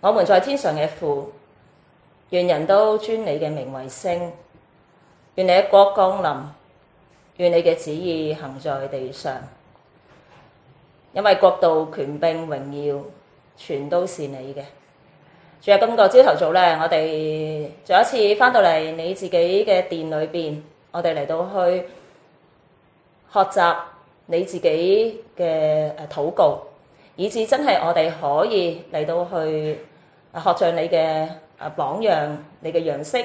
我們在天上嘅父，願人都尊你嘅名為聖，願你嘅國降臨，願你嘅旨意行在地上，因為國度、權柄、榮耀，全都是你嘅。仲有今個朝頭早咧，我哋再一次翻到嚟你自己嘅殿裏邊，我哋嚟到去學習你自己嘅誒、啊、禱告。以致真係我哋可以嚟到去學像你嘅、啊榜樣，你嘅樣式，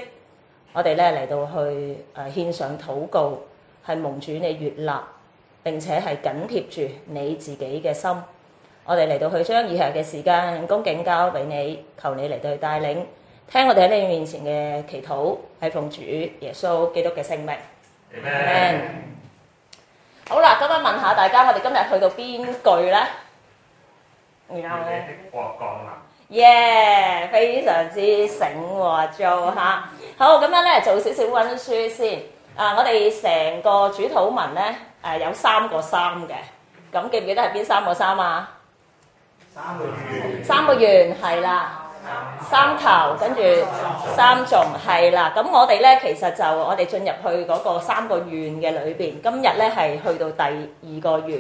我哋咧嚟到去啊，獻上禱告，係蒙主你悅納，並且係緊貼住你自己嘅心。我哋嚟到去將以下嘅時間恭敬交俾你，求你嚟到去帶領，聽我哋喺你面前嘅祈禱，係奉主耶穌基督嘅聖名。阿 amen。好啦，咁樣問下大家，我哋今日去到邊句咧？願你的國降臨。耶，非常之醒喎，做嚇。好，咁樣咧做少少溫書先。啊，我哋成個主禱文咧，誒有三個三嘅。咁記唔記得係邊三個三啊？三個願。三個願係啦，三頭跟住三重係啦。咁我哋咧其實就我哋進入去嗰個三個願嘅裏邊。今日咧係去到第二個願，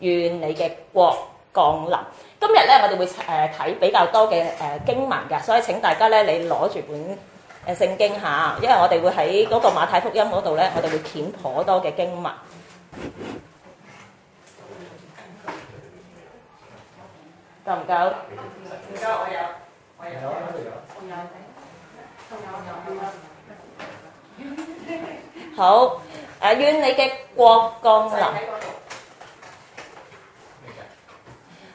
願你嘅國。降臨。今日咧，我哋會誒睇比較多嘅誒經文嘅，所以請大家咧，你攞住本誒聖經吓，因為我哋會喺嗰個馬太福音嗰度咧，我哋會顯頗多嘅經文。夠唔夠？夠我有，我有，我有，我有，我有，我有。好，誒願你嘅國降臨。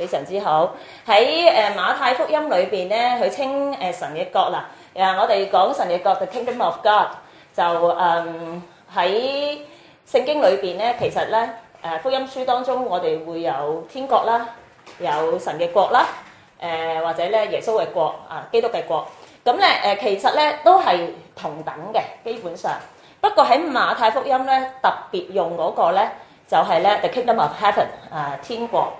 非常之好，喺誒馬太福音裏邊咧，佢稱誒神嘅國啦。誒，我哋講神嘅國嘅 TheKingdom of God，就誒喺聖經裏邊咧，其實咧誒福音書當中我哋會有天國啦，有神嘅國啦，誒或者咧耶穌嘅國啊，基督嘅國，咁咧誒其實咧都係同等嘅基本上，不過喺馬太福音咧特別用嗰個咧就係咧 The Kingdom of Heaven 啊天國。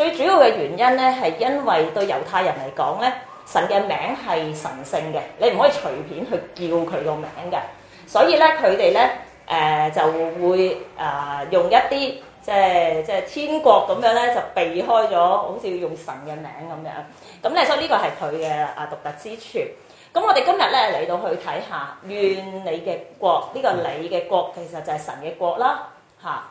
最主要嘅原因咧，係因為對猶太人嚟講咧，神嘅名係神聖嘅，你唔可以隨便去叫佢個名嘅。所以咧，佢哋咧誒就會啊、呃、用一啲即係即係天國咁樣咧，就避開咗，好似要用神嘅名咁樣。咁咧，所以呢個係佢嘅啊獨特之處。咁我哋今日咧嚟到去睇下，願你嘅國呢、這個你嘅國，其實就係神嘅國啦。吓、啊，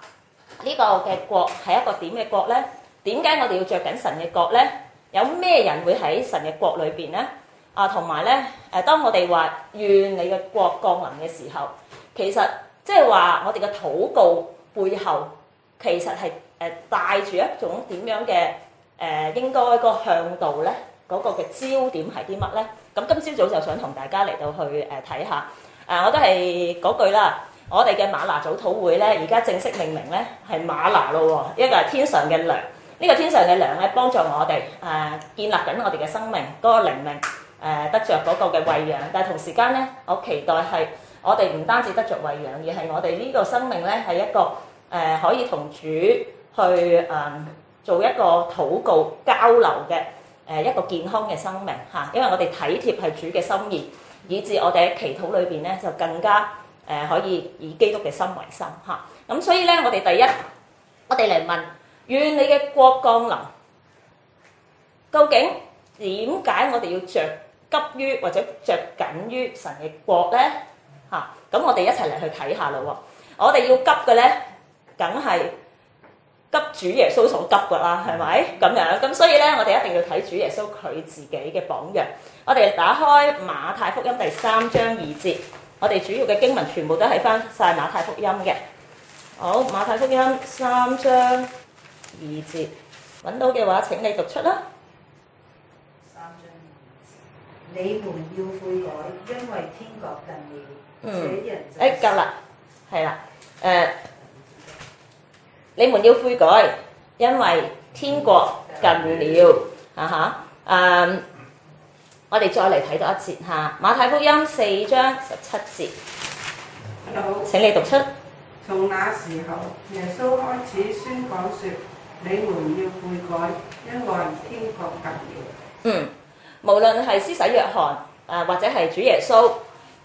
呢、這個嘅國係一個點嘅國咧？點解我哋要着緊神嘅國咧？有咩人會喺神嘅國裏邊咧？啊，同埋咧，誒，當我哋話願你嘅國降臨嘅時候，其實即係話我哋嘅禱告背後，其實係誒帶住一種點樣嘅誒、呃，應該個向度咧，嗰、那個嘅焦點係啲乜咧？咁今朝早就想同大家嚟到去誒睇下，啊、呃呃，我都係嗰句啦，我哋嘅嗎哪早禱會咧，而家正式命名咧係嗎哪咯，一個係天上嘅糧。呢個天上嘅糧咧，幫助我哋誒、呃、建立緊我哋嘅生命嗰、嗰個靈命誒、呃、得着嗰個嘅餵養，但係同時間咧，我期待係我哋唔單止得着餵養，而係我哋呢個生命咧係一個誒、呃、可以同主去誒、呃、做一個禱告交流嘅誒、呃、一個健康嘅生命嚇，因為我哋體貼係主嘅心意，以至我哋喺祈禱裏邊咧就更加誒、呃、可以以基督嘅心為心嚇。咁所以咧，我哋第一，我哋嚟問。願你嘅國降臨。究竟點解我哋要着急於或者着緊於神嘅國咧？嚇、啊、咁，我哋一齊嚟去睇下啦。喎，我哋要急嘅咧，梗係急主耶穌所急嘅啦，係咪咁樣？咁所以咧，我哋一定要睇主耶穌佢自己嘅榜樣。我哋打開馬太福音第三章二節，我哋主要嘅經文全部都係翻晒馬太福音嘅。好，馬太福音三章。二節揾到嘅話，請你讀出啦。三章二節，你們要悔改，因為天國近了。嗯。誒、嗯，夠啦，係啦，誒，你們要悔改，因為天國近了。啊哈，誒，我哋再嚟睇多一節哈，馬太福音四章十七節。你好。請你讀出。從那時候，耶穌開始宣講説。你們要悔改，因為天國近了。嗯，無論係施洗約翰，誒或者係主耶穌，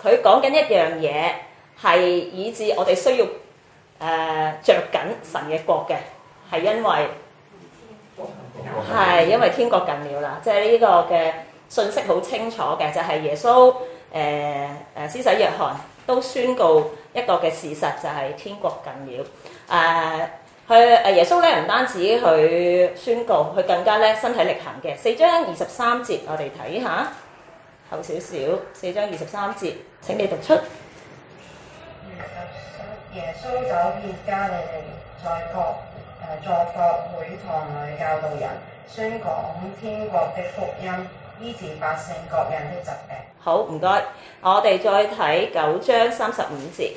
佢講緊一樣嘢，係以致我哋需要誒著緊神嘅國嘅，係因為係因為天國近了啦，即係呢個嘅信息好清楚嘅，就係耶穌誒誒施洗約翰都宣告一個嘅事實，就係天國近了，誒。佢誒耶穌咧唔單止去宣告，佢更加咧身體力行嘅。四章二十三節，我哋睇下，後少少。四章二十三節，請你讀出。耶穌走遍加利利，在各誒各各會堂裏教導人，宣講天國嘅福音，醫治百姓各人的疾病。好，唔該。我哋再睇九章三十五節。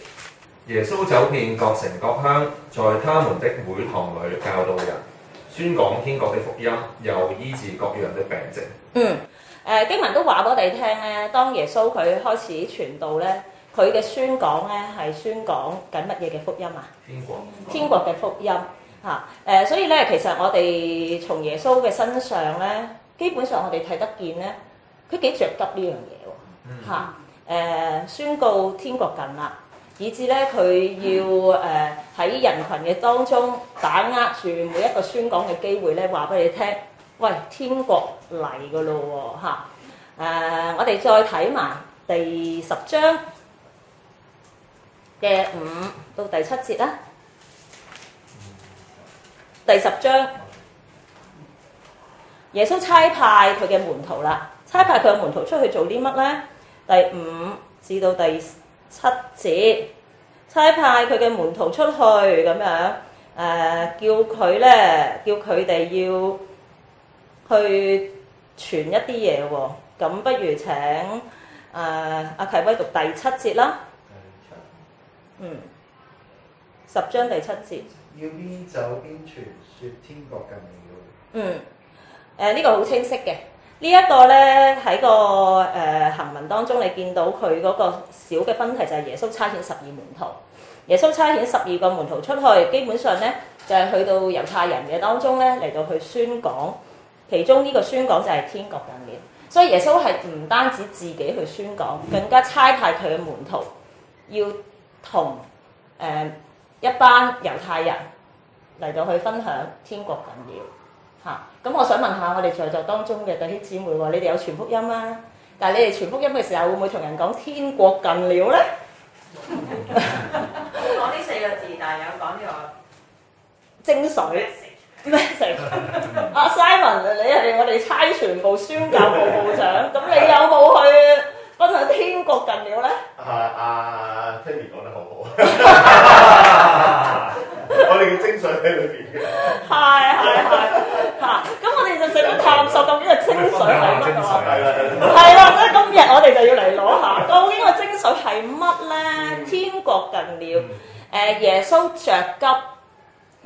耶穌走遍各城各鄉，在他們的會堂裏教導人，宣講天國的福音，又醫治各樣的病症。嗯，誒、呃、經文都話畀我哋聽咧，當耶穌佢開始傳道咧，佢嘅宣講咧係宣講緊乜嘢嘅福音啊？天國天國嘅福音，嚇誒國、啊呃，所以咧，其實我哋從耶穌嘅身上咧，基本上我哋睇得見咧，佢幾着急呢樣嘢喎，嚇、嗯啊呃、宣告天國近啦。以致咧佢要誒喺人群嘅當中把握住每一個宣講嘅機會咧，話俾你聽，喂，天國嚟嘅咯喎嚇！誒，我哋再睇埋第十章嘅五到第七節啦。第十章，耶穌差派佢嘅門徒啦，差派佢嘅門徒出去做啲乜咧？第五至到第七節，差派佢嘅門徒出去咁樣，誒叫佢咧，叫佢哋要去傳一啲嘢喎。咁、哦、不如請誒阿契威讀第七節啦。七嗯，十章第七節。要邊走邊傳，説天國近了。嗯，誒、呃、呢、這個好清晰嘅。呢一個咧喺個誒行文當中，你見到佢嗰個小嘅分題就係耶穌差遣十二門徒。耶穌差遣十二個門徒出去，基本上咧就係、是、去到猶太人嘅當中咧嚟到去宣講，其中呢個宣講就係天國近了。所以耶穌係唔單止自己去宣講，更加差派佢嘅門徒要同誒、呃、一班猶太人嚟到去分享天國近了。咁、啊、我想問下我哋在座當中嘅嗰啲姊妹喎，你哋有傳福音啊？但係你哋傳福音嘅時候，會唔會同人講天國近了咧？講呢四個字，但係有講呢個精髓咩？精髓阿 Simon，你係我哋差傳部宣教部部長，咁 你有冇去分享「天國近了咧」？啊，阿 Timmy 講得好好。 我哋嘅精髓喺裏邊嘅， 係係係，嚇！咁我哋就成日探索到呢個精髓係乜？係啦，係啦，今日我哋就要嚟攞下究竟個精髓係乜咧？天國近了，誒耶穌着急，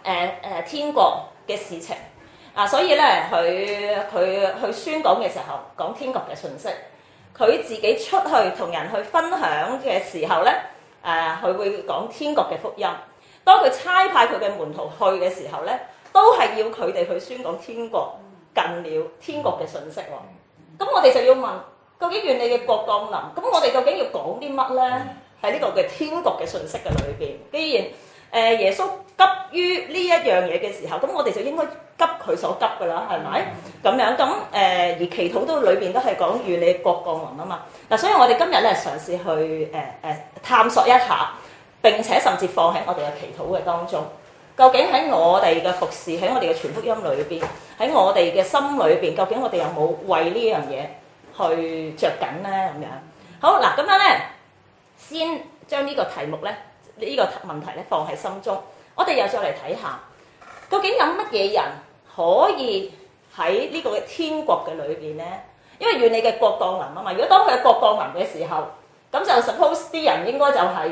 誒誒天國嘅事情啊！所以咧，佢佢佢宣講嘅時候講天國嘅信息，佢自己出去同人去分享嘅時候咧，誒、啊、佢會講天國嘅福音。當佢差派佢嘅門徒去嘅時候咧，都係要佢哋去宣講天國近了，天國嘅信息喎。咁我哋就要問：究竟願你嘅國降臨？咁我哋究竟要講啲乜咧？喺呢個嘅天國嘅信息嘅裏邊，既然誒耶穌急於呢一樣嘢嘅時候，咁我哋就應該急佢所急㗎喇，係咪咁樣？咁誒而祈禱都裏邊都係講願你國降臨啊嘛。嗱，所以我哋今日咧嘗試去誒誒、呃、探索一下。並且甚至放喺我哋嘅祈禱嘅當中，究竟喺我哋嘅服侍、喺我哋嘅全福音裏邊，喺我哋嘅心裏邊，究竟我哋有冇為呢樣嘢去着緊咧？咁樣好嗱，咁樣咧，先將呢個題目咧，呢個問題咧放喺心中。我哋又再嚟睇下，究竟有乜嘢人可以喺呢個嘅天國嘅裏邊咧？因為願你嘅國降臨啊嘛，如果當佢係國降臨嘅時候，咁就 suppose 啲人應該就係。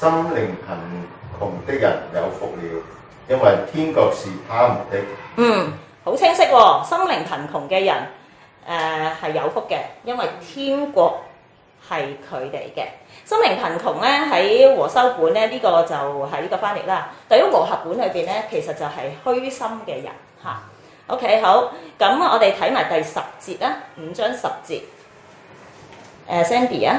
心靈貧窮的人有福了，因為天國是他們的。嗯，好清晰喎、哦，心靈貧窮嘅人，誒、呃、係有福嘅，因為天國係佢哋嘅。心靈貧窮咧喺和修本咧呢、這個就係呢個翻譯啦。對於和合本裏邊咧，其實就係虛心嘅人嚇、啊。OK 好，咁我哋睇埋第十節啦，五章十節。誒、呃、Sandy 啊。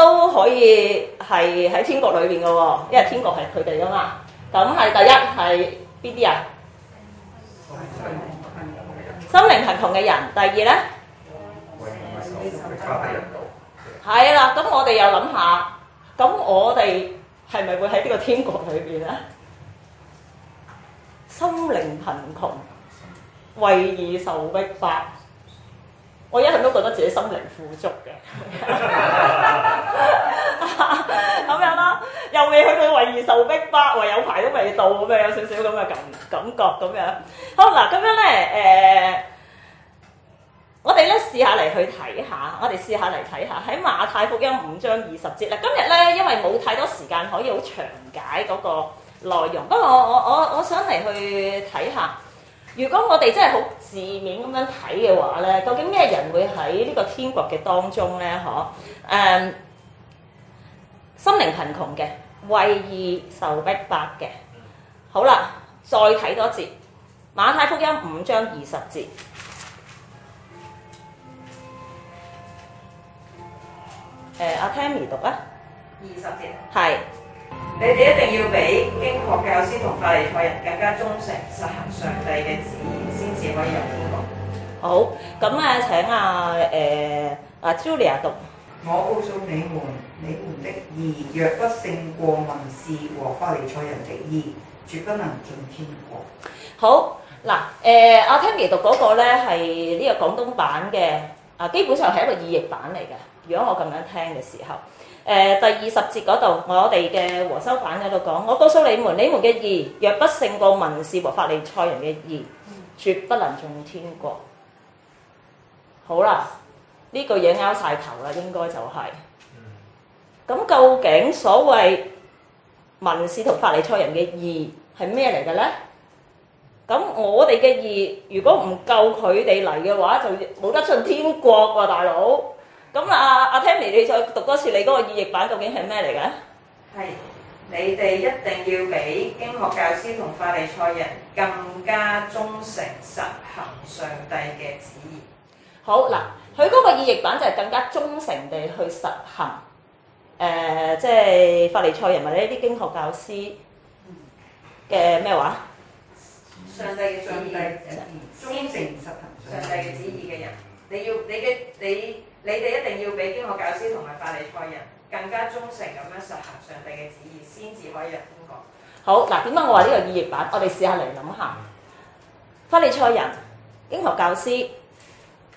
都可以係喺天國裏邊嘅喎，因為天國係佢哋啊嘛。咁係第一係邊啲人？心靈貧窮嘅人。第二咧？為義受逼迫。係啦，咁我哋又諗下，咁我哋係咪會喺呢個天國裏邊咧？心靈貧窮，為義受逼迫。嗯我一向都覺得自己心靈富足嘅，咁樣咯，又未去到為而受逼迫，唯有排都未到咁樣，有少少咁嘅感感覺咁樣。好嗱，咁樣咧，誒、呃，我哋咧試下嚟去睇下，我哋試下嚟睇下喺馬太福音五章二十節啦。今日咧，因為冇太多時間可以好詳解嗰個內容，不過我我我我想嚟去睇下。如果我哋真係好字面咁樣睇嘅話咧，究竟咩人會喺呢個天國嘅當中咧？嗬，誒，心靈貧窮嘅，為義受逼迫嘅。好啦，再睇多節，馬太福音五章二十節。誒、啊，阿 Tammy 讀啊。二十節。係。你哋一定要俾經學教師同法利賽人更加忠誠，實行上帝嘅旨意，先至可以入天國。好，咁啊，請阿誒阿 Julia 讀。我告訴你們，你們的義若不勝過文士和法利賽人的義，絕不能進天國。好，嗱、呃，誒、啊，阿 Tammy 讀嗰個咧係呢個廣東版嘅，啊，基本上係一個意譯版嚟嘅。如果我咁樣聽嘅時候。誒、呃、第二十節嗰度，我哋嘅和修版喺度講， 我告訴你們， 你們嘅義若不勝過文士和法利賽人嘅義，絕不能進天國。好啦，呢、這個嘢拗晒頭啦，應該就係、是。咁究竟所謂文士同法利賽人嘅義係咩嚟嘅咧？咁我哋嘅義如果唔夠佢哋嚟嘅話，就冇得進天國喎、啊，大佬。咁啊，阿 Tammy，你再讀多次你嗰個意譯版，究竟係咩嚟嘅？係你哋一定要比經學教師同法利賽人更加忠誠實行上帝嘅旨意。好嗱，佢嗰個意譯版就係更加忠誠地去實行，誒，即係法利賽人或者啲經學教師嘅咩話？上帝嘅旨意，忠誠實行上帝嘅旨意嘅人，你要你嘅你。.你哋一定要俾經學教師同埋法利賽人更加忠誠咁樣實行上帝嘅旨意，先至可以入天國。好嗱，點解我話呢個意譯版？我哋試下嚟諗下，法利賽人、經學教師，誒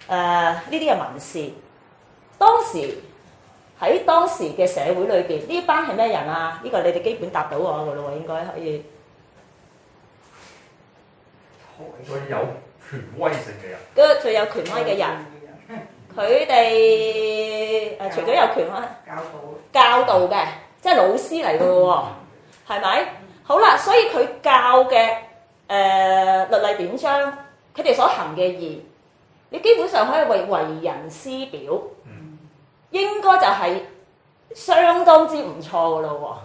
呢啲嘅文士，當時喺當時嘅社會裏邊，呢班係咩人啊？呢、這個你哋基本答到我嘅咯喎，應該可以。好，最有權威性嘅人。嗰最有權威嘅人。佢哋誒除咗有權威，教導、教導嘅，即係老師嚟嘅喎，係咪？ 好啦，所以佢教嘅誒、呃、律例典章，佢哋所行嘅義，你基本上可以為為人師表， 應該就係相當之唔錯嘅咯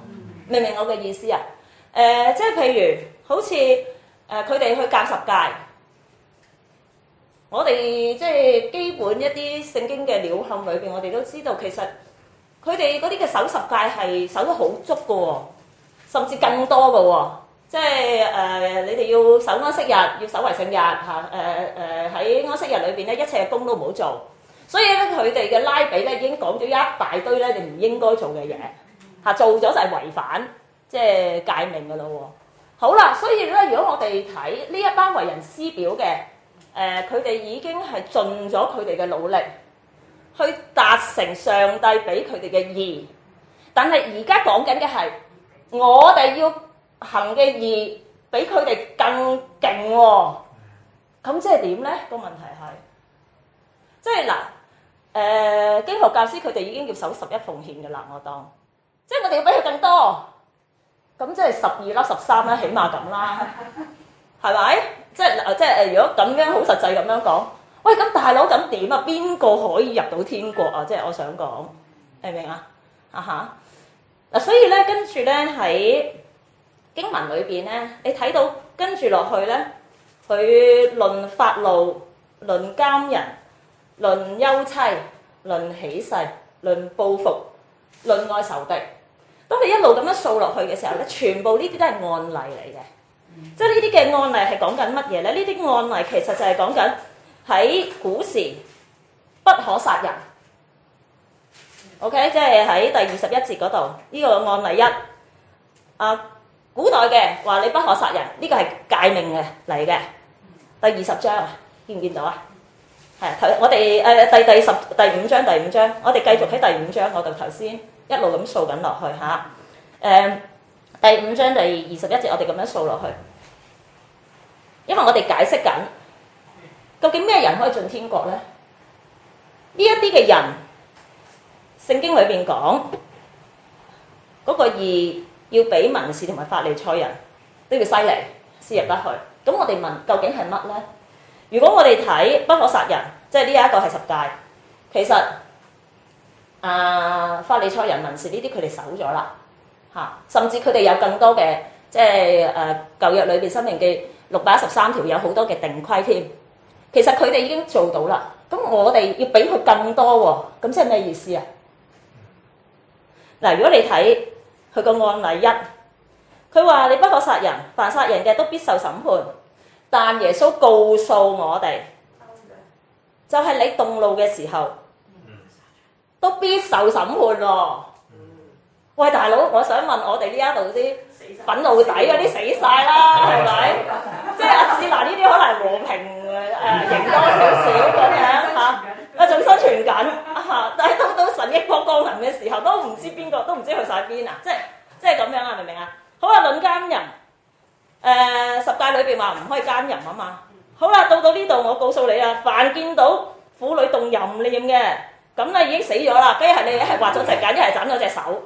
喎， 明唔明我嘅意思啊？誒、呃，即係譬如好似誒佢哋去教十誡。我哋即係基本一啲聖經嘅料項裏邊，我哋都知道其實佢哋嗰啲嘅守十戒係守得好足㗎喎、哦，甚至更多㗎喎、哦。即係誒、呃，你哋要守安息日，要守為聖日嚇誒誒，喺、啊呃、安息日裏邊咧一切嘅工都唔好做。所以咧佢哋嘅拉比咧已經講咗一大堆咧，你唔應該做嘅嘢嚇，做咗就係違反即係戒命㗎咯喎。好啦，所以咧如果我哋睇呢一班為人師表嘅。誒，佢哋、呃、已經係盡咗佢哋嘅努力，去達成上帝俾佢哋嘅義。但係而家講緊嘅係，我哋要行嘅義比佢哋更勁喎、哦。咁即係點咧？個問題係，即係嗱，誒、呃，經學教師佢哋已經要守十一奉獻㗎喇。我當，即係我哋要俾佢更多。咁即係十二啦，十三啦，起碼咁啦。係咪？即係即係，如果咁樣好實際咁樣講，喂，咁大佬咁點啊？邊個可以入到天國啊？即係我想講，明唔明啊？啊、uh、哈！嗱、huh.，所以咧，跟住咧喺經文裏邊咧，你睇到跟住落去咧，佢論法路、論奸人、論休妻、論起勢、論報復、論愛仇敵。當你一路咁樣掃落去嘅時候咧，全部呢啲都係案例嚟嘅。即係呢啲嘅案例係講緊乜嘢咧？呢啲案例其實就係講緊喺古時不可殺人。OK，即係喺第二十一節嗰度，呢、這個案例一啊，古代嘅話你不可殺人，呢、這個係戒命嘅嚟嘅。第二十章見唔見到啊？係，我哋誒、呃、第第十第五章第五章，我哋繼續喺第五章我就頭先一路咁掃緊落去嚇。誒、啊，第五章第二十一節，我哋咁樣掃落去。因為我哋解釋緊，究竟咩人可以進天國咧？呢一啲嘅人，聖經裏邊講嗰個義要比文士同埋法利賽人都要犀利先入得去。咁我哋問究竟係乜咧？如果我哋睇不可殺人，即係呢一個係十戒，其實啊、呃，法利賽人、文士呢啲佢哋守咗啦嚇，甚至佢哋有更多嘅，即係誒舊約裏邊生命嘅。六百一十三條有好多嘅定規添，其實佢哋已經做到啦。咁我哋要俾佢更多喎，咁即係咩意思啊？嗱，如果你睇佢個案例一，佢話你不可殺人，凡殺人嘅都必受審判。但耶穌告訴我哋，就係、是、你動怒嘅時候，都必受審判喎。喂，大佬，我想問我哋呢一度啲憤怒底嗰啲死晒啦，係咪？即係阿志蘭呢啲可能和平誒贏、呃、多少少咁樣嚇，仲、 啊、生存緊嚇、啊。但係到到神嘅國降臨嘅時候，都唔知邊個，都唔知去晒邊啊！即係即係咁樣啊，明唔明啊？好啊，論奸淫誒十戒裏邊話唔可以奸淫啊嘛。好啦，到到呢度，我告訴你啊，凡見到婦女動淫，你飲嘅。咁咧已經死咗啦！跟住係你一係畫咗隻眼，一係斬咗隻手。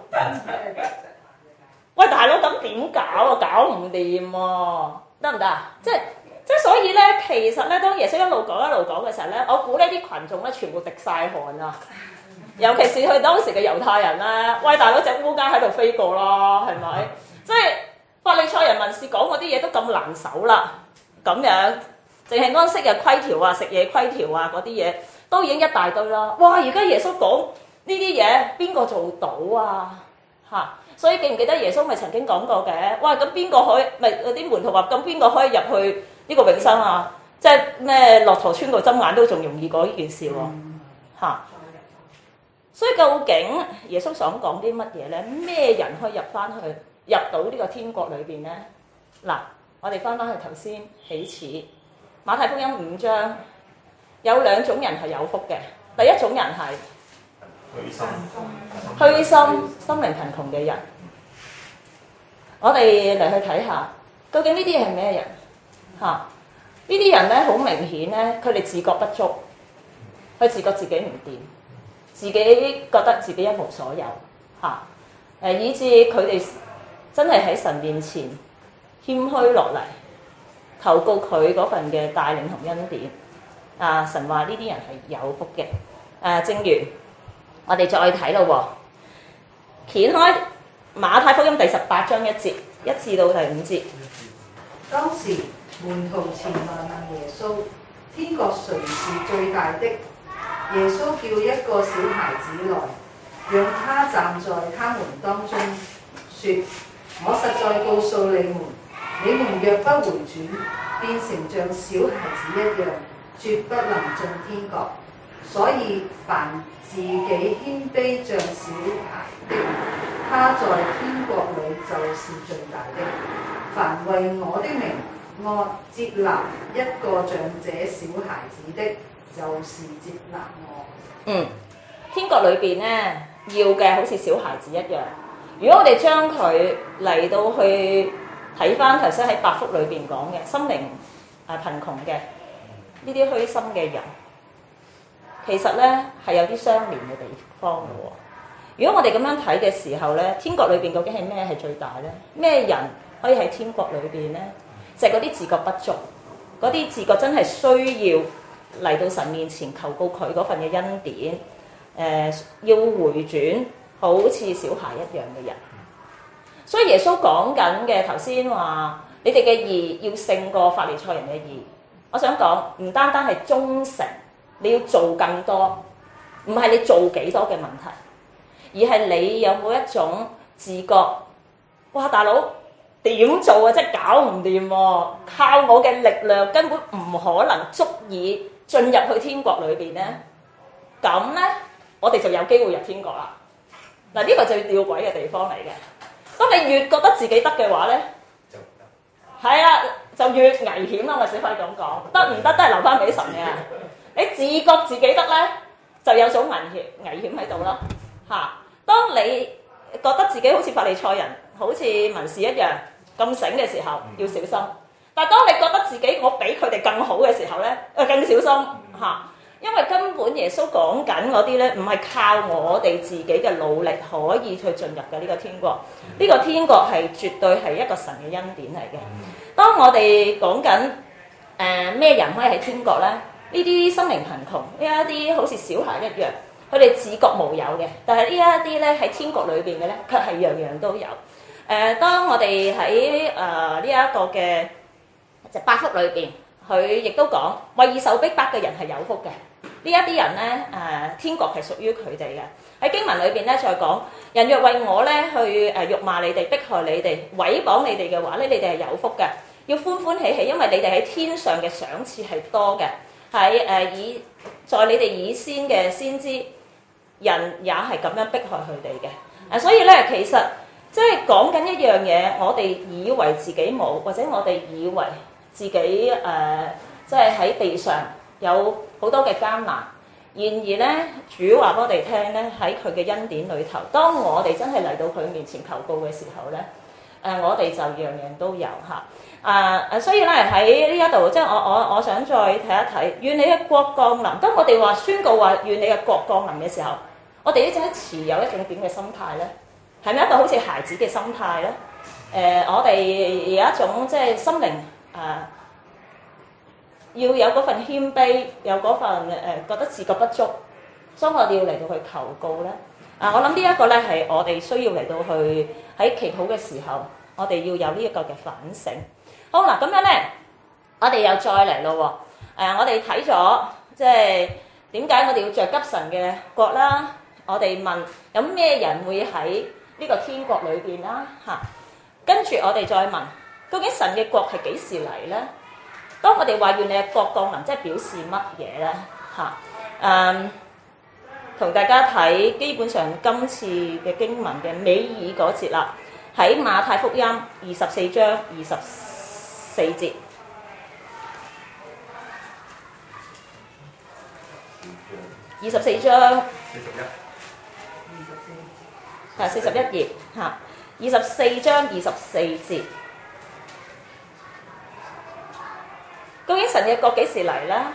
喂，大佬，咁點搞啊？搞唔掂啊？得唔得啊？即係即係，所以咧，其實咧，當耶穌一路講一路講嘅時候咧，我估呢啲群眾咧全部滴晒汗啊！尤其是佢當時嘅猶太人啦。喂，大佬，隻烏雞喺度飛過啦，係咪？即係法利賽人、文士講嗰啲嘢都咁難守啦，咁樣淨係安息日規條啊、食嘢規條啊嗰啲嘢。都已經一大堆啦！哇，而家耶穌講呢啲嘢，邊個做到啊？嚇、啊！所以記唔記得耶穌咪曾經講過嘅？哇！咁邊個可以咪啲、呃、門徒話咁邊個可以入去呢個永生啊？嗯、即係咩？駱駝穿個針眼都仲容易過呢件事喎、啊啊！所以究竟耶穌想講啲乜嘢咧？咩人可以入翻去入到呢個天國裏邊咧？嗱，我哋翻翻去頭先起始馬太福音五章。有兩種人係有福嘅，第一種人係虛心、虛心、心、心靈貧窮嘅人。我哋嚟去睇下，究竟呢啲係咩人？嚇、啊，呢啲人咧好明顯咧，佢哋自覺不足，佢自覺自己唔掂，自己覺得自己一無所有。嚇，誒，以至佢哋真係喺神面前謙虛落嚟，投告佢嗰份嘅帶領同恩典。啊！神話呢啲人係有福嘅。誒、啊，正如我哋再睇咯，掀開馬太福音第十八章一節，一次到第五節。當時門徒前來問耶穌：天國誰是最大的？耶穌叫一個小孩子來，讓他站在他們當中，說：我實在告訴你們，你們若不回轉，變成像小孩子一樣，絕不能進天國，所以凡自己謙卑像小孩的，他在天國裏就是最大的。凡為我的名，我接納一個像這小孩子的，就是接納我。嗯，天國裏邊呢，要嘅好似小孩子一樣。如果我哋將佢嚟到去睇翻頭先喺八福裏邊講嘅，心靈啊、呃、貧窮嘅。呢啲虛心嘅人，其實咧係有啲相連嘅地方嘅喎。如果我哋咁樣睇嘅時候咧，天國裏邊究竟係咩係最大咧？咩人可以喺天國裏邊咧？就係嗰啲自覺不足、嗰啲自覺真係需要嚟到神面前求告佢嗰份嘅恩典。誒、呃，要回轉好似小孩一樣嘅人。所以耶穌講緊嘅頭先話：你哋嘅義要勝過法利賽人嘅義。我想講，唔單單係忠誠，你要做更多，唔係你做幾多嘅問題，而係你有冇一種自覺。哇，大佬點做啊？真係搞唔掂喎！靠我嘅力量根本唔可能足以進入去天國裏邊咧。咁咧，我哋就有機會入天國啦。嗱，呢個最吊詭嘅地方嚟嘅。當你越覺得自己得嘅話咧，就唔得。係啊。就越危險啦！我只可以咁講，得唔得都係留翻俾神嘅。你自覺自己得咧，就有種危險危險，喺度咯。嚇，當你覺得自己好似法利賽人，好似文士一樣咁醒嘅時候，要小心。但係當你覺得自己我比佢哋更好嘅時候咧，啊，更小心嚇。因為根本耶穌講緊嗰啲咧，唔係靠我哋自己嘅努力可以去進入嘅呢個天國。呢個天國係絕對係一個神嘅恩典嚟嘅。當我哋講緊誒，咩人可以喺天國咧？呢啲心靈貧窮，呢一啲好似小孩一樣，佢哋自覺無有嘅。但係呢一啲咧喺天國裏邊嘅咧，卻係樣樣都有。誒、呃，當我哋喺誒呢一個嘅就八福裏邊，佢亦都講為義受逼迫嘅人係有福嘅。呢一啲人咧誒，天國係屬於佢哋嘅。喺經文裏邊咧，就係講人若為我咧去誒、呃、辱罵你哋、迫害你哋、毀謗你哋嘅話咧，你哋係有福嘅，要歡歡喜喜，因為你哋喺天上嘅賞賜係多嘅。喺誒、呃、以，在你哋以先嘅先知人也係咁樣迫害佢哋嘅。誒、呃，所以咧其實即係講緊一樣嘢，我哋以為自己冇，或者我哋以為自己誒、呃、即係喺地上有好多嘅艱難。然而咧，主話俾我哋聽咧，喺佢嘅恩典裏頭，當我哋真係嚟到佢面前求告嘅時候咧，誒、呃，我哋就樣樣都有嚇。啊，所以咧喺呢一度，即係我我我想再睇一睇，願你嘅國降臨。當我哋話宣告話願你嘅國降臨嘅時候，我哋一直係持有一種點嘅心態咧？係咪一個好似孩子嘅心態咧？誒、呃，我哋有一種即係心靈啊～要有嗰份謙卑，有嗰份誒、呃、覺得自覺不足，所以我哋要嚟到去求告咧。啊，我諗呢一個咧係我哋需要嚟到去喺祈禱嘅時候，我哋要有呢一個嘅反省。好嗱，咁、啊、樣咧，我哋又再嚟咯。誒、啊，我哋睇咗即係點解我哋要着急神嘅國啦？我哋問有咩人會喺呢個天國裏邊啦？嚇、啊，跟住我哋再問究竟神嘅國係幾時嚟咧？當我哋話願你嘅國降臨，即係表示乜嘢咧？嚇、嗯，誒，同大家睇基本上今次嘅經文嘅美語嗰節啦，喺馬太福音二十四章二十四節，二十四章，係四十一頁，嚇，二十四<個 >24 章二十四節。究竟神嘅國幾時嚟呢？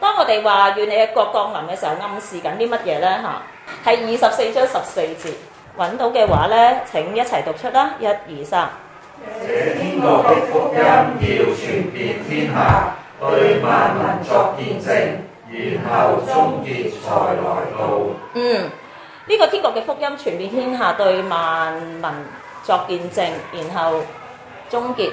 當我哋話願你嘅國降臨嘅時候，暗示緊啲乜嘢呢？吓，係二十四章十四節揾到嘅話呢，請一齊讀出啦！一、二、三。這天國嘅福音要傳遍天下，對萬民作見證，然後終結再來到。嗯、呢、這個天國嘅福音傳遍天下，對萬民作見證，然後終結。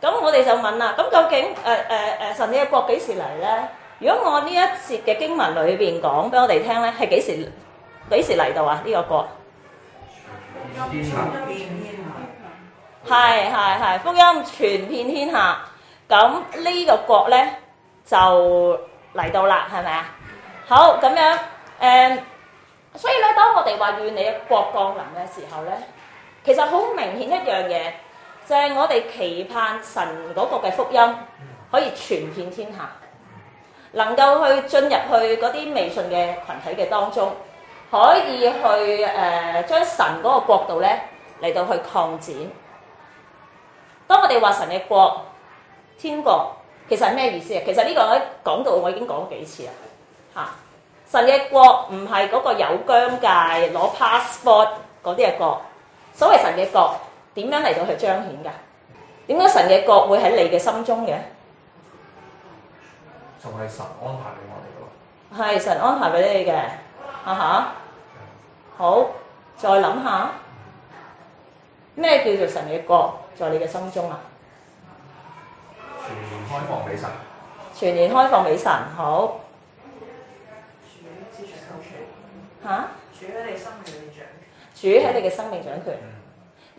咁我哋就問啦，咁究竟誒誒誒神呢嘅國幾時嚟咧？如果我呢一節嘅經文裏邊講俾我哋聽咧，係幾時幾時嚟到啊？呢個國全遍天下，係係係福音全遍天下，咁呢個國咧就嚟到啦，係咪啊？好咁樣誒，所以咧，當我哋話願你嘅國降臨嘅時候咧，其實好明顯一樣嘢。就係我哋期盼神嗰個嘅福音可以傳遍天下，能夠去進入去嗰啲未信嘅群體嘅當中，可以去誒將、呃、神嗰個國度咧嚟到去擴展。當我哋話神嘅國、天國，其實係咩意思啊？其實呢個喺講到我已經講幾次啦。嚇、啊，神嘅國唔係嗰個有疆界攞 passport 嗰啲嘅國，所謂神嘅國。點樣嚟到去彰顯噶？點解神嘅國會喺你嘅心中嘅？仲係神安排俾我哋咯。係神安排俾你嘅，啊哈！好，再諗下咩叫做神嘅國在你嘅心中啊？全年開放俾神。全年開放俾神，好。哈？啊、主喺你生命裏掌權。主喺你嘅生命掌權。嗯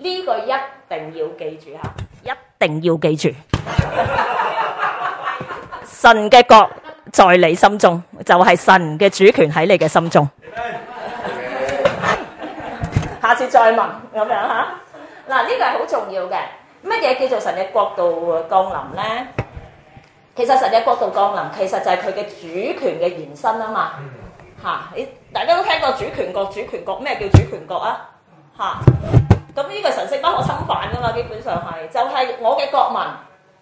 呢個一定要記住吓，一定要記住神嘅國在你心中，就係神嘅主權喺你嘅心中。下次再問咁樣吓嗱，呢個係好重要嘅。乜嘢叫做神嘅國度降臨咧？其實神嘅國度降臨，其實就係佢嘅主權嘅延伸啊嘛。吓，你大家都聽過主權國、主權國，咩叫主權國啊？吓。咁呢個神聖不可侵犯噶嘛？基本上係，就係、是、我嘅國民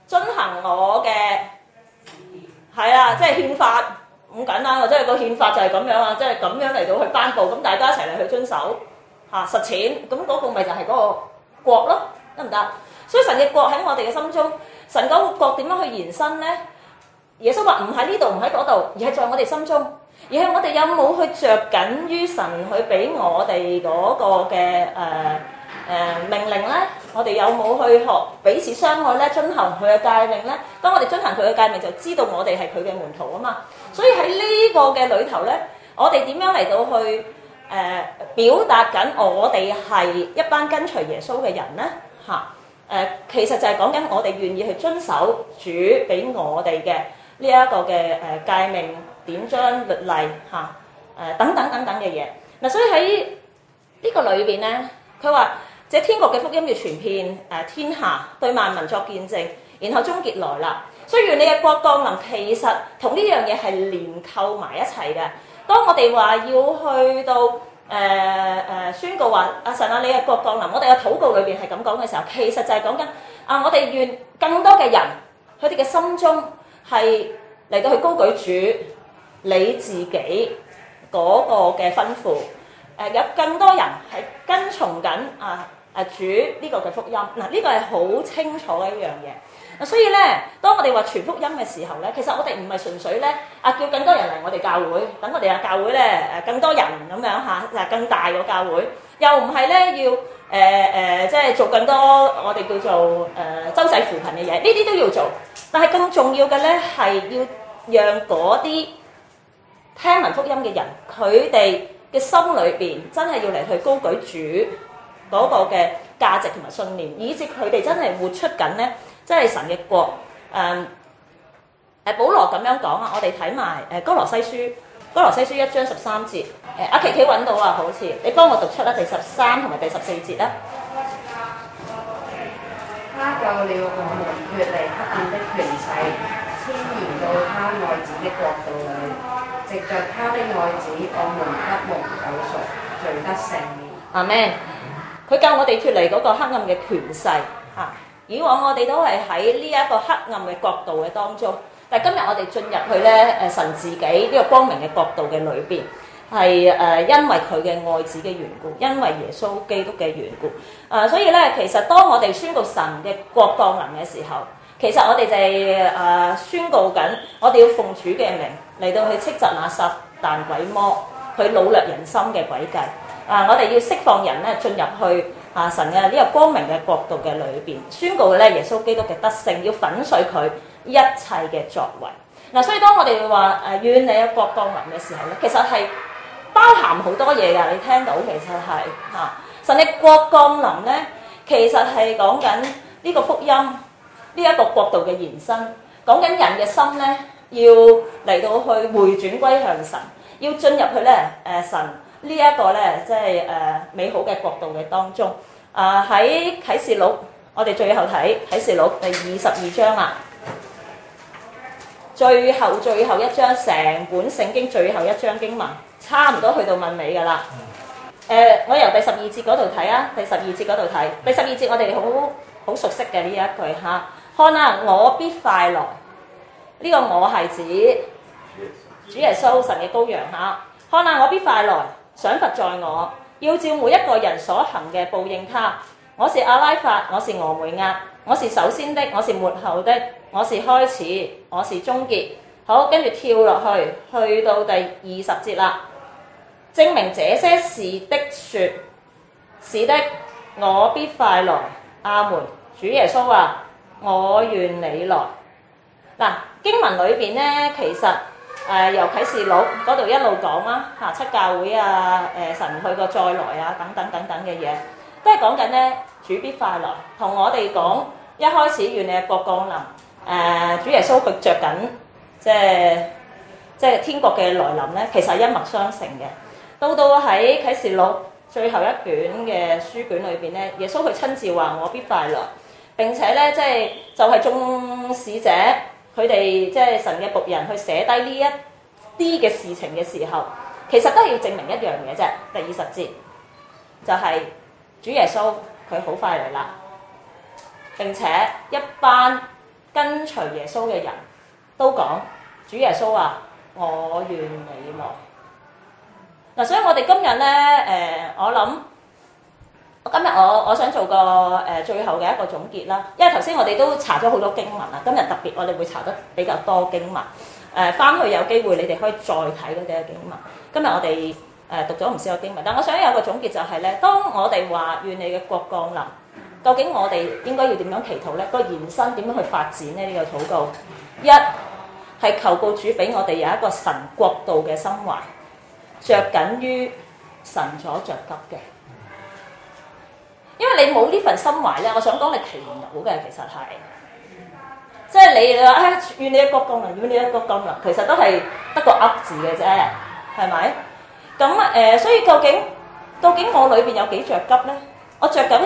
遵行我嘅係啊，即係憲法咁簡單，即係個憲法就係咁樣啊，即係咁樣嚟到去頒布，咁大家一齊嚟去遵守嚇、啊、實踐，咁、那、嗰個咪就係嗰個國咯，得唔得？所以神嘅國喺我哋嘅心中，神嗰個國點樣去延伸咧？耶穌話唔喺呢度，唔喺嗰度，而係在我哋心中，而係我哋有冇去着緊於神去俾我哋嗰個嘅誒？呃誒、呃、命令咧，我哋有冇去學彼此相愛咧？遵行佢嘅戒命咧。當我哋遵行佢嘅戒命，就知道我哋係佢嘅門徒啊嘛。所以喺呢個嘅裏頭咧，我哋點樣嚟到去誒、呃、表達緊我哋係一班跟隨耶穌嘅人咧？嚇、啊、誒、呃，其實就係講緊我哋願意去遵守主俾我哋嘅呢一個嘅誒戒命、典章、律例嚇誒、啊、等等等等嘅嘢。嗱、啊，所以喺呢個裏邊咧，佢話。這天國嘅福音要傳遍誒、呃、天下，對萬民作見證，然後終結來啦。雖然你嘅國降臨，其實同呢樣嘢係連扣埋一齊嘅。當我哋話要去到誒誒、呃呃、宣告話阿、啊、神啊，你嘅國降臨，我哋嘅禱告裏邊係咁講嘅時候，其實就係講緊啊，我哋願更多嘅人佢哋嘅心中係嚟到去高舉主你自己嗰個嘅吩咐，誒、呃、有更多人係跟從緊。啊、呃！主呢、啊，這個嘅福音，嗱呢個係好清楚嘅一樣嘢、啊。所以咧，當我哋話全福音嘅時候咧，其實我哋唔係純粹咧，阿、啊、叫更多人嚟我哋教會，等我哋嘅教會咧誒、啊、更多人咁樣嚇，誒、啊、更大個教會，又唔係咧要誒誒，即、呃、係、呃就是、做更多我哋叫做誒、呃、周濟扶貧嘅嘢，呢啲都要做。但係更重要嘅咧，係要讓嗰啲聽聞福音嘅人，佢哋嘅心裏邊真係要嚟去高舉主。嗰個嘅價值同埋信念，以致佢哋真係活出緊咧，真係神嘅國。誒、嗯、誒，保羅咁樣講啊，我哋睇埋誒哥羅西書，哥羅西書一章十三節。誒、啊、阿琪琪揾到啊，好似你幫我讀出啦，第十三同埋第十四節啦。他救了我們脫離黑暗的權勢，遷移到他愛子的國度裏，藉著他的愛子，我們不蒙救贖，遂得成全。咩？佢教我哋脫離嗰個黑暗嘅權勢，嚇、啊、以往我哋都係喺呢一個黑暗嘅國度嘅當中，但係今日我哋進入去咧，誒、啊、神自己呢個光明嘅國度嘅裏邊，係誒、啊、因為佢嘅愛子嘅緣故，因為耶穌基督嘅緣故，啊，所以咧其實當我哋宣告神嘅國降臨嘅時候，其實我哋就係、是、誒、啊、宣告緊我哋要奉主嘅名嚟到去斥責那撒但鬼魔，去擄掠人心嘅詭計。啊！我哋要釋放人咧進入去啊神嘅呢個光明嘅國度嘅裏邊，宣告咧耶穌基督嘅德性，要粉碎佢一切嘅作為。嗱、啊，所以當我哋話誒，願你國降臨嘅時候咧，其實係包含好多嘢㗎。你聽到其實係嚇，神嘅國降臨咧，其實係、啊、講緊呢個福音，呢、這、一個國度嘅延伸，講緊人嘅心咧要嚟到去回轉歸向神，要進入去咧誒、啊、神。呢一個咧，即係誒美好嘅國度嘅當中，啊喺啟示錄，我哋最後睇啟示錄第二十二章啊，最後最後一章，成本聖經最後一章經文，差唔多去到問尾㗎啦。誒、呃，我由第十二節嗰度睇啊，第十二節嗰度睇，第十二節我哋好好熟悉嘅呢一句哈，看啊，我必快來。呢、這個我係指主耶穌神嘅羔羊哈，看啊，我必快來。賞罰在我，要照每一個人所行嘅報應他。我是阿拉法，我是俄梅亞，我是首先的，我是末後的，我是開始，我是終結。好，跟住跳落去，去到第二十節啦。證明這些事的說，是的，我必快來。阿門。主耶穌話：我願你來。嗱，經文裏邊呢，其實。誒，由啟示錄嗰度一路講啦，七教會啊，誒神去過再來啊，等等等等嘅嘢，都係講緊咧主必快樂，同我哋講一開始願你嘅國降臨，誒主耶穌佢著緊，即係即係天國嘅來臨咧，其實係一脈相承嘅。到到喺啟示錄最後一卷嘅書卷裏邊咧，耶穌佢親自話我必快樂，並且咧即係就係眾使者。佢哋即係神嘅僕人，去寫低呢一啲嘅事情嘅時候，其實都係要證明一樣嘢啫。第二十節就係、是、主耶穌佢好快嚟啦，並且一班跟隨耶穌嘅人都講：主耶穌話、啊、我願你來。嗱，所以我哋今日咧，誒、呃，我諗。今日我我想做個誒、呃、最後嘅一個總結啦，因為頭先我哋都查咗好多經文啊，今日特別我哋會查得比較多經文。誒、呃，翻去有機會你哋可以再睇嗰啲嘅經文。今日我哋誒、呃、讀咗唔少經文，但我想有個總結就係咧，當我哋話願你嘅國降臨，究竟我哋應該要點樣祈禱咧？個延伸點樣去發展呢？呢個禱告，一係求告主俾我哋有一個神國度嘅心懷，着緊於神所着急嘅。因為你冇呢份心懷咧，我想講你企唔到嘅其實係，即係你話誒、哎、願你的國降臨，願你的國降臨，其實都係得個呃字嘅啫，係咪？咁誒，所以究竟究竟我裏邊有幾着急咧？我着緊，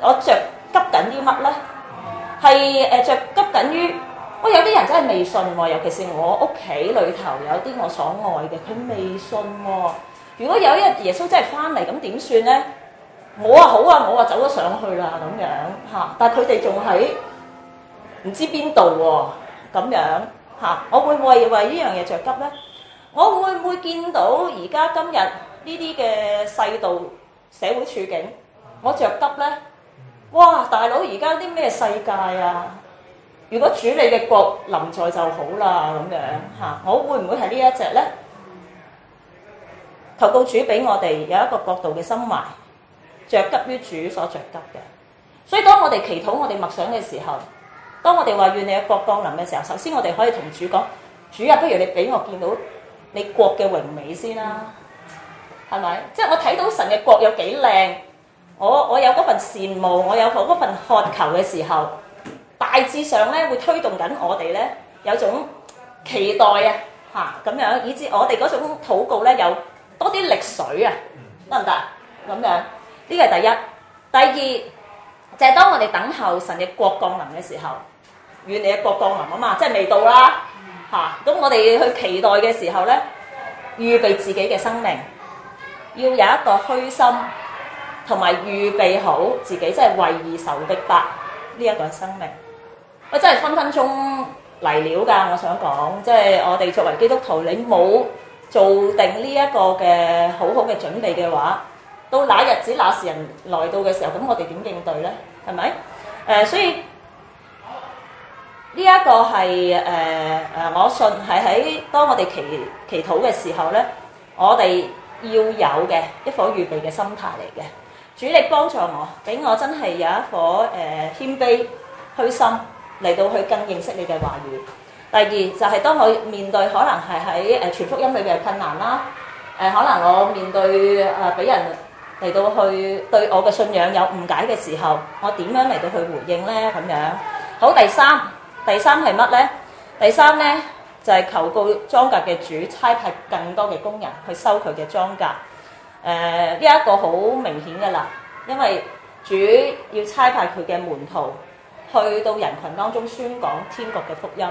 我着急緊啲乜咧？係誒，著急緊於我有啲人真係未信喎，尤其是我屋企裏頭有啲我所愛嘅，佢未信喎、哦。如果有一日耶穌真係翻嚟，咁點算咧？我啊，好啊，我啊，走咗上去啦咁樣嚇，但係佢哋仲喺唔知邊度喎咁樣嚇、啊，我會唔會為呢樣嘢着急咧？我會唔會見到而家今日呢啲嘅世道社會處境，我着急咧？哇！大佬，而家啲咩世界啊？如果主你嘅國臨在就好啦咁樣嚇、啊，我會唔會係呢一隻咧？投到主俾我哋有一個角度嘅心懷。着急於主所着急嘅，所以當我哋祈禱我哋默想嘅時候，當我哋話願你嘅國降臨嘅時候，首先我哋可以同主講：主啊，不如你俾我見到你國嘅榮美先啦，係咪？即係我睇到神嘅國有幾靚，我我有嗰份羨慕，我有嗰份渴求嘅時候，大致上咧會推動緊我哋咧有種期待啊，嚇、啊、咁樣，以至我哋嗰種禱告咧有多啲力水啊，得唔得？咁樣。行呢個係第一，第二就係當我哋等候神嘅國降臨嘅時候，願你嘅國降臨啊嘛，即係未到啦嚇。咁我哋去期待嘅時候咧，預備自己嘅生命，要有一個虛心，同埋預備好自己，即係為義受逼迫呢一個生命。我真係分分鐘嚟了㗎，我想講，即係我哋作為基督徒，你冇做定呢一個嘅好好嘅準備嘅話。到那日子、那時人來到嘅時候，咁我哋點應對咧？係咪？誒，所以呢一個係誒誒，我信係喺當我哋祈祈禱嘅時候咧，我哋要有嘅一顆預備嘅心態嚟嘅。主力幫助我，俾我真係有一顆誒謙卑、虛心嚟到去更認識你嘅話語。第二就係當我面對可能係喺誒傳福音裏邊嘅困難啦，誒可能我面對誒俾人。嚟到去對我嘅信仰有誤解嘅時候，我點樣嚟到去回應呢？咁樣好。第三，第三係乜呢？第三呢，就係求告莊稼嘅主，差派更多嘅工人去收佢嘅莊稼。誒，呢一個好明顯嘅啦，因為主要差派佢嘅門徒去到人群當中宣講天國嘅福音，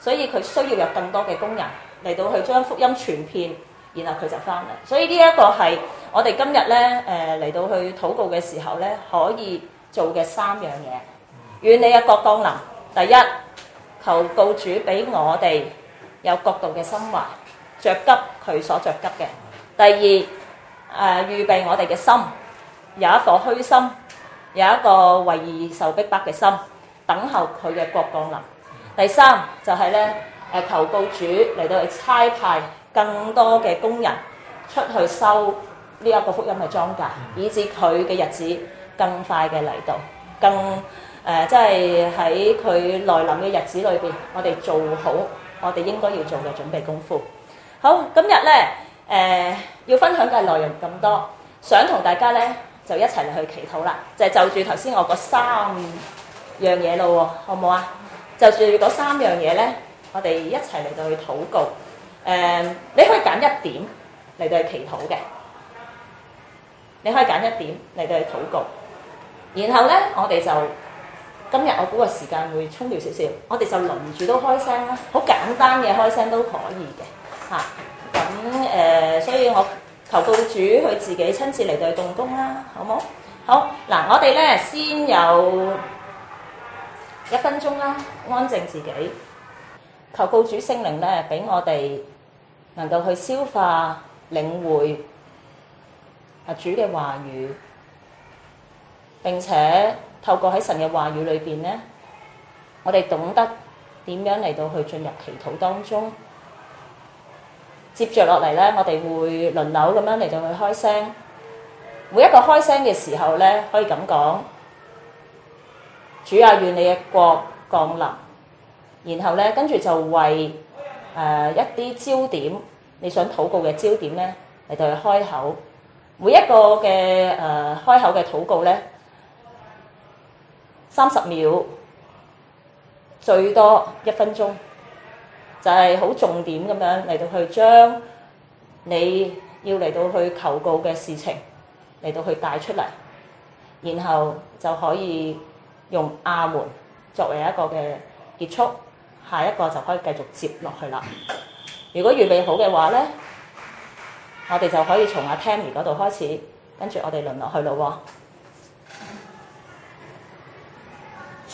所以佢需要有更多嘅工人嚟到去將福音傳遍。然後佢就返嚟，所以呢一個係我哋今日咧，誒嚟到去禱告嘅時候咧，可以做嘅三樣嘢。願你嘅國降臨。第一，求告主俾我哋有國度嘅心懷，著急佢所著急嘅。第二，誒預備我哋嘅心有一個虛心，有一個願意受逼迫嘅心，等候佢嘅國降臨。第三就係咧，誒求告主嚟到去差派。更多嘅工人出去收呢一個福音嘅莊稼，以致佢嘅日子更快嘅嚟到，更誒，即係喺佢來臨嘅日子裏邊，我哋做好我哋應該要做嘅準備功夫。好，今日咧誒，要分享嘅內容咁多，想同大家咧就一齊嚟去祈禱啦，就係就住頭先我嗰三樣嘢咯喎，好唔好啊？就住嗰三樣嘢咧，我哋一齊嚟到去禱告。誒、uh，你可以揀一點嚟對佢祈禱嘅，你可以揀一點嚟對佢禱告。然後咧，我哋就今日我估個時間會沖掉少少，我哋就輪住都開聲啦，好簡單嘅開聲都可以嘅嚇。咁、啊、誒，uh, 所以我求告主佢自己親自嚟對佢動工啦，好冇？好嗱，我哋咧先有一分鐘啦，安靜自己，求告主聖靈咧，俾我哋。能夠去消化、領會啊主嘅話語，並且透過喺神嘅話語裏邊呢，我哋懂得點樣嚟到去進入祈禱當中。接著落嚟咧，我哋會輪流咁樣嚟到去開聲。每一個開聲嘅時候咧，可以咁講：主啊，願你嘅國降臨。然後咧，跟住就為。誒、呃、一啲焦點，你想禱告嘅焦點咧，嚟到去開口。每一個嘅誒、呃、開口嘅禱告咧，三十秒最多一分鐘，就係、是、好重點咁樣嚟到去將你要嚟到去求告嘅事情嚟到去帶出嚟，然後就可以用阿門作為一個嘅結束。下一個就可以繼續接落去啦。如果預備好嘅話咧，我哋就可以從阿 Tammy 嗰度開始，跟住我哋輪落去咯喎。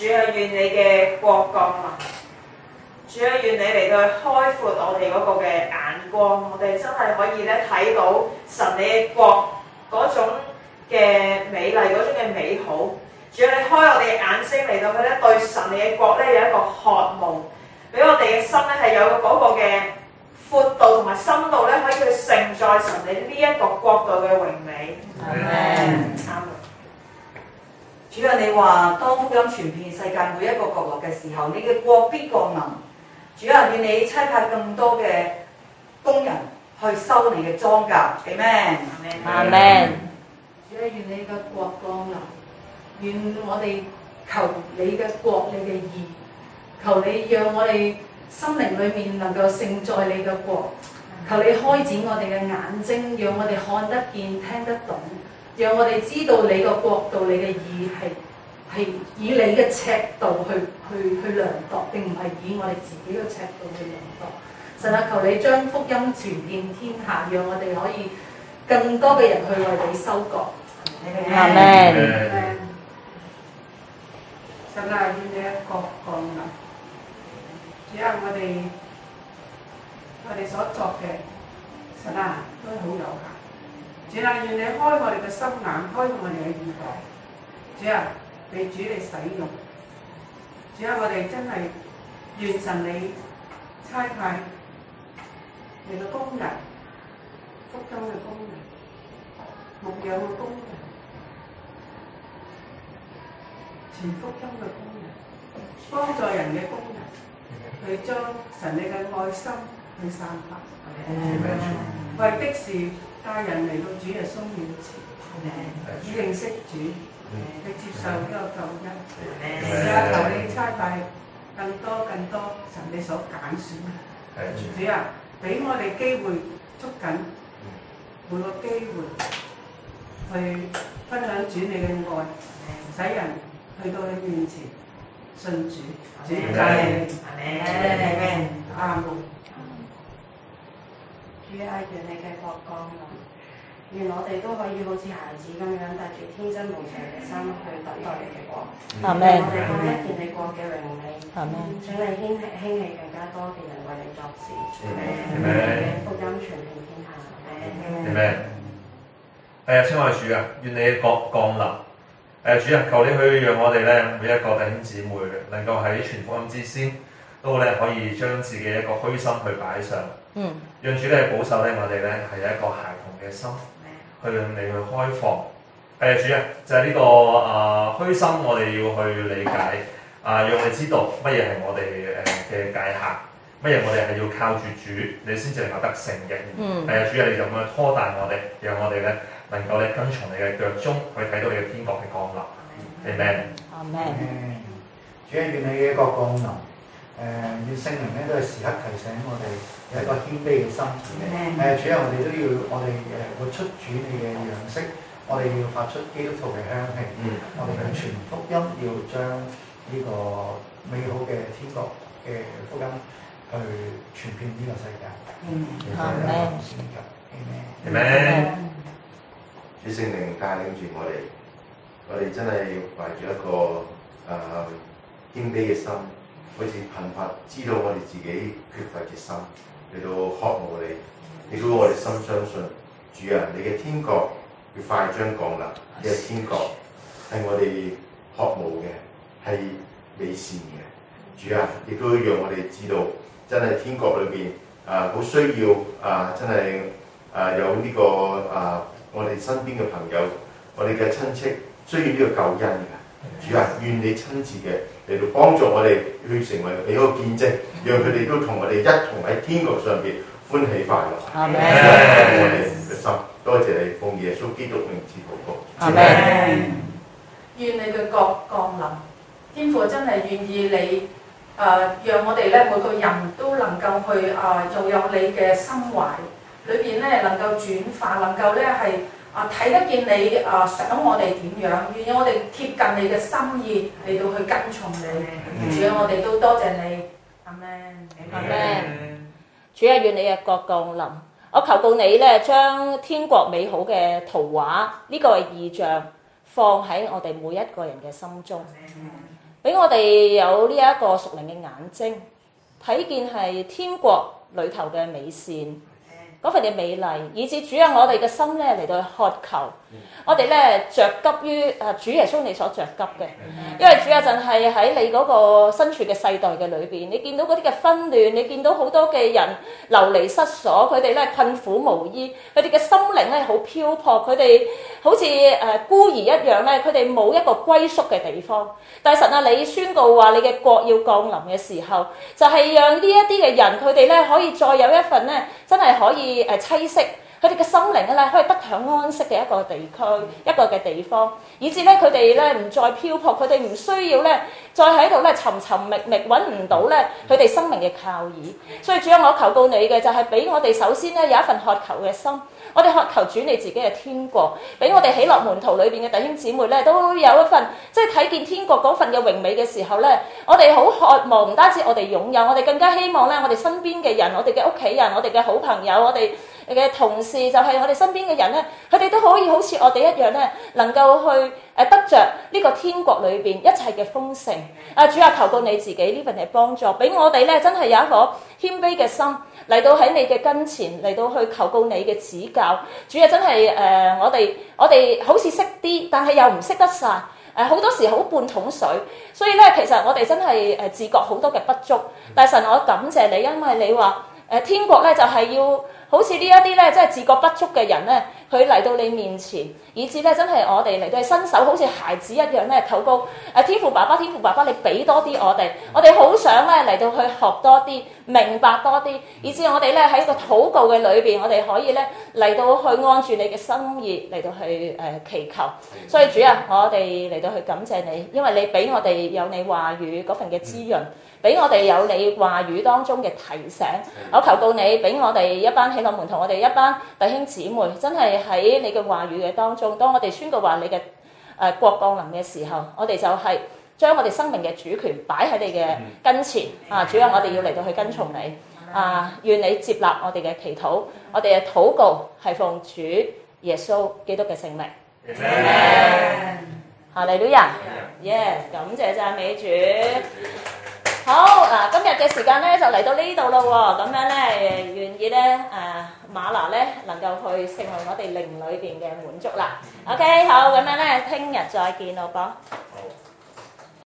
主要願你嘅國降臨，主要願你嚟到開闊我哋嗰個嘅眼光，我哋真係可以咧睇到神你嘅國嗰種嘅美麗，嗰種嘅美好。主要你開我哋嘅眼睛嚟到佢咧，對神你嘅國咧有一個渴望。俾我哋嘅心咧，係有嗰個嘅闊度同埋深度咧，可以去盛載神你呢一個國度嘅榮美。阿們。Amen. Amen. 主啊，你話當福音傳遍世界每一個角落嘅時候，你嘅國必降臨。主啊，願你差派更多嘅工人去收你嘅莊稼。Amen。阿們。主啊，願你嘅國降臨。願我哋求你嘅國，你嘅義。求你讓我哋心靈裏面能夠勝在你嘅國，求你開展我哋嘅眼睛，讓我哋看得見、聽得懂，讓我哋知道你嘅國度、你嘅意係係以你嘅尺度去去去量度，並唔係以我哋自己嘅尺度去量度。神啊，求你將福音傳遍天下，讓我哋可以更多嘅人去為你收割。阿 amen。神啊，願你國國啊！主啊，我哋我哋所作嘅神啊，都好有限。主啊，願你開我哋嘅心眼，開我哋嘅耳朵。主啊，俾主你使用。主啊，我哋真係願神你差派你嘅工人，福音嘅工人，牧養嘅工人，傳福音嘅工人，幫助人嘅工人。去將神你嘅愛心去散發，誒、嗯，為的是帶人嚟到主嘅面前，嗯、以認識主，去、嗯、接受呢個救恩，係啊、嗯，求你差派更多更多神你所揀選嘅，主啊，俾、嗯、我哋機會捉緊每個機會去分享主你嘅愛，使人去到你面前。信主，主計，阿們，阿們，阿們，主啊！願你嘅國降臨，願我哋都可以好似孩子咁樣，帶住天真無邪嘅心去等待你嘅國。阿們，阿們，阿們，願我哋更加見你國嘅榮美。阿們，請你興起，興起更加多嘅人為你作事。阿們，阿們，福音傳遍天下。阿們，阿們，係啊！親愛主啊，願你嘅國降臨。誒，主啊求你去讓我哋咧，每一個弟兄姊妹能夠喺傳福音之先，都咧可以將自己一個虛心去擺上。嗯。讓主咧保守咧，我哋咧係一個孩童嘅心，去令你去開放。誒、嗯，主啊就係、是、呢、這個啊虛、呃、心，我哋要去理解啊、呃，讓你知道乜嘢係我哋誒嘅界限，乜嘢我哋係要靠住主，你先至能夠得勝嘅。嗯。係啊，主啊你就咁樣拖大我哋，讓我哋咧。能夠你跟從你嘅腳蹤，可以睇到你嘅天國嘅降臨。Amen。阿門。嗯。主啊，願你嘅國降臨。誒、呃，願聖靈咧都係時刻提醒我哋有一個謙卑嘅心。Amen。係啊，主啊，我哋都要，我哋誒活出主你嘅樣式。我哋要發出基督徒嘅香氣。嗯。我哋去傳福音，要將呢個美好嘅天國嘅福音去傳遍呢個世界。嗯。阿門。Amen。係咩？嗯。主聖靈帶領住我哋，我哋真係懷住一個誒謙、呃、卑嘅心，好似憤發，知道我哋自己缺乏嘅心嚟到渴慕你。亦都我哋深相信，主人、啊，你嘅天國要快將降臨。嘅天國係我哋渴慕嘅，係美善嘅。主人、啊、亦都讓我哋知道，真係天國裏邊誒好需要誒、呃、真係誒、呃、有呢、這個誒。呃我哋身邊嘅朋友，我哋嘅親戚需要呢個救恩嘅主啊！願你親自嘅嚟到幫助我哋，去成為美好嘅見證，讓佢哋都同我哋一同喺天國上邊歡喜快樂。阿們，我哋嘅心，多謝你奉耶穌基督名字禱告。阿們，願 Amen. 你嘅國降臨，天父真係願意你啊、呃，讓我哋咧每個人都能夠去啊，擁、呃、有你嘅心懷。裏邊咧能夠轉化，能夠咧係啊睇得見你啊、呃、想我哋點樣，願意我哋貼近你嘅心意嚟到去跟從你。Amen. 主要我哋都多謝你，阿 Man，阿 Man，主啊，願你嘅國降臨。我求告你咧，將天國美好嘅圖畫呢、這個異象放喺我哋每一個人嘅心中，俾 Amen. 我哋有呢一個屬靈嘅眼睛睇見係天國裏頭嘅美善。嗰份嘅美麗，以至主喺我哋嘅心咧嚟到渴求。我哋咧着急於啊主耶穌你所着急嘅，因為主有陣係喺你嗰個身處嘅世代嘅裏邊，你見到嗰啲嘅紛亂，你見到好多嘅人流離失所，佢哋咧困苦無依，佢哋嘅心靈咧好漂泊，佢哋好似誒孤兒一樣咧，佢哋冇一個歸宿嘅地方。大神啊，你宣告話你嘅國要降臨嘅時候，就係、是、讓呢一啲嘅人，佢哋咧可以再有一份咧，真係可以誒棲息。呃佢哋嘅心靈咧，可以得享安息嘅一個地區，一個嘅地方，以致咧佢哋咧唔再漂泊，佢哋唔需要咧再喺度咧尋尋覓覓，揾唔到咧佢哋生命嘅靠倚。所以主啊，我求告你嘅就係、是、俾我哋首先咧有一份渴求嘅心，我哋渴求主你自己嘅天國，俾我哋喜樂門徒裏邊嘅弟兄姊妹咧都有一份，即係睇見天國嗰份嘅榮美嘅時候咧，我哋好渴望，唔單止我哋擁有，我哋更加希望咧我哋身邊嘅人，我哋嘅屋企人，我哋嘅好朋友，我哋。我嘅同事就係我哋身邊嘅人咧，佢哋都可以好似我哋一樣咧，能夠去誒得着呢個天國裏邊一切嘅豐盛。啊，主啊，求告你自己呢份嘅幫助，俾我哋咧真係有一顆謙卑嘅心嚟到喺你嘅跟前，嚟到去求告你嘅指教。主要真係誒、呃，我哋我哋好似識啲，但係又唔識得晒。誒、啊，好多時好半桶水，所以咧其實我哋真係誒自覺好多嘅不足。但係神，我感謝你，因為你話誒、呃、天國咧就係、是、要。好似呢一啲咧，即係自覺不足嘅人咧，佢嚟到你面前，以至咧真係我哋嚟到係伸手，好似孩子一樣咧，禱告誒天父爸爸，天父爸爸，你俾多啲我哋，嗯、我哋好想咧嚟到去學多啲，明白多啲，以至我哋咧喺個禱告嘅裏邊，我哋可以咧嚟到去安住你嘅心意，嚟到去誒、呃、祈求。所以主啊，我哋嚟到去感謝你，因為你俾我哋有你話語嗰份嘅滋潤。俾我哋有你話語當中嘅提醒，我求告你，俾我哋一班喜樂門同我哋一班弟兄姊妹，真係喺你嘅話語嘅當中，當我哋宣告話你嘅誒、呃、國降臨嘅時候，我哋就係將我哋生命嘅主權擺喺你嘅跟前啊！主啊，我哋要嚟到去跟從你啊！願你接納我哋嘅祈禱，我哋嘅禱告係奉主耶穌基督嘅聖名。哈利路亞，耶，感謝讚美主。好嗱，今日嘅時間咧就嚟到呢度咯喎，咁樣咧願意咧誒、呃、嗎哪咧能夠去成為我哋靈裏邊嘅滿足啦。OK，好咁樣咧，聽日再見，囉噃。好。